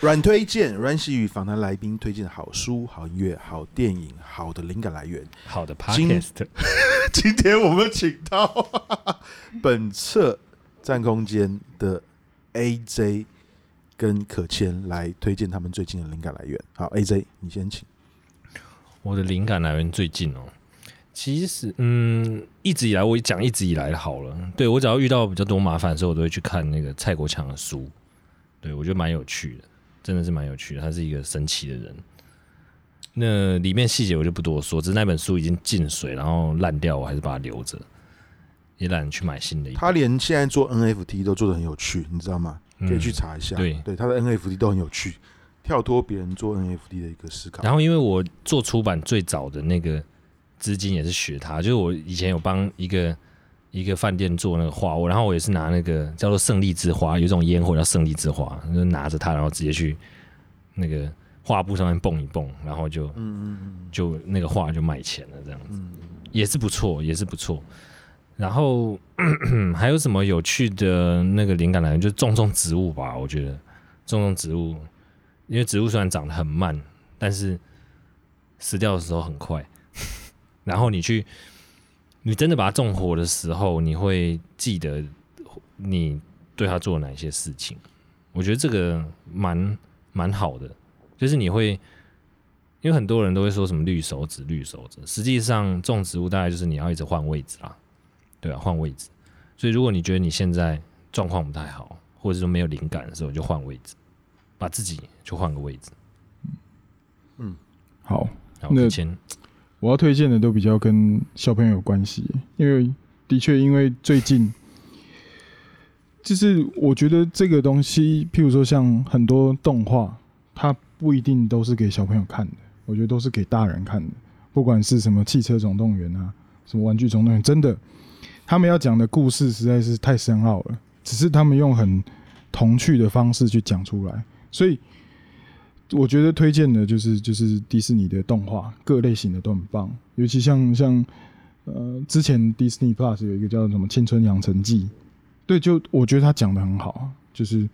軟 推薦，阮喜語訪談來賓推薦好書、好音樂、好電影、好的靈感來源、好的 Podcast。今，今天我們請到本冊佔空間的 AJ，跟可謙來推薦他們最近的靈感來源。好，AJ，你先請。我的靈感來源最近哦、喔，其實嗯，一直以來我講一直以來好了，對，我只要遇到比較多麻煩的時候，我都會去看那個蔡國強的書。對，我覺得蠻有趣的，真的是蠻有趣的，他是一個神奇的人。那裡面細節我就不多說，只是那本書已經進水，然後爛掉，我還是把它留着。也懶得去買新的。他連現在做 NFT 都做得很有趣，你知道嗎？嗯，可以去查一下。對，對，他的 NFT 都很有趣，跳脫別人做 NFT 的一個思考，然後，因為我做出版最早的那個資金也是學他，就是我以前有幫一個一個飯店做那個畫，我然後我也是拿那個叫做勝利之花，有種煙火叫勝利之花，就拿着它，然後直接去那個畫布上面蹦一蹦，然後就嗯嗯嗯，就那個畫就賣錢了，這樣子也是不錯，也是不錯。然後咳咳還有什麼有趣的那個靈感來源？就種種植物吧，我覺得種種植物，因為植物雖然長得很慢，但是死掉的時候很快。呵呵然後你去，你真的把它種活的時候，你會記得你對它做了哪些事情。我覺得這個蠻蠻好的，就是你會，因為很多人都會說什麼綠手指、綠手指，實際上種植物大概就是你要一直換位置啦。對吧，啊？換位置，所以如果你覺得你現在狀況不太好，或者說沒有靈感的時候，就換位置，把自己就換個位置。嗯，好。那我，那我要推薦的都比較跟小朋友有關係，因為的確，因為最近就是我覺得這個東西，譬如說像很多動畫，它不一定都是給小朋友看的，我覺得都是給大人看的。不管是什麼《汽車總動員》啊，什麼《玩具總動員》，真的。他們要講的故事實在是太深奧了，只是他們用很童趣的方式去講出來，所以我覺得推薦的就是就是迪士尼的動畫，各類型的都很棒，尤其像像呃之前 Disney Plus 有一個叫什麼《青春養成記》，對，就我覺得他講的很好啊，就是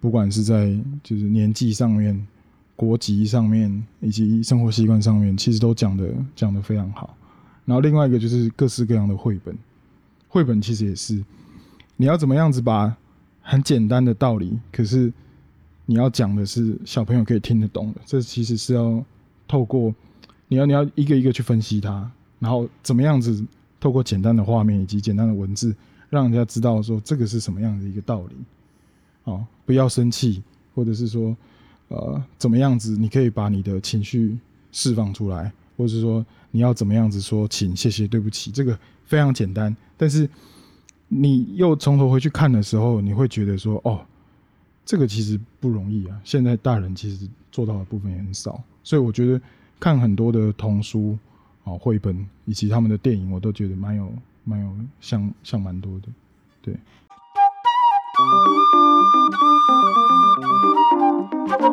不管是在就是年紀上面、國籍上面以及生活習慣上面，其實都講的講的非常好。然後另外一個就是各式各樣的繪本。繪本其實也是，你要怎麼樣子把很簡單的道理，可是你要講的是小朋友可以聽得懂的，這其實是要透過你要你要一個一個去分析它，然後怎麼樣子透過簡單的畫面以及簡單的文字，讓人家知道說這個是什麼樣的一個道理。好，哦，不要生氣，或者是說呃怎麼樣子，你可以把你的情緒釋放出來。或是說你要怎麼樣子說，請、謝謝、對不起，這個非常簡單。但是你又從頭回去看的時候，你會覺得說哦，這個其實不容易啊。現在大人其實做到的部分也很少，所以我覺得看很多的童書、哦、繪本以及他們的電影，我都覺得蠻有蠻有像像蠻多的，對。嗯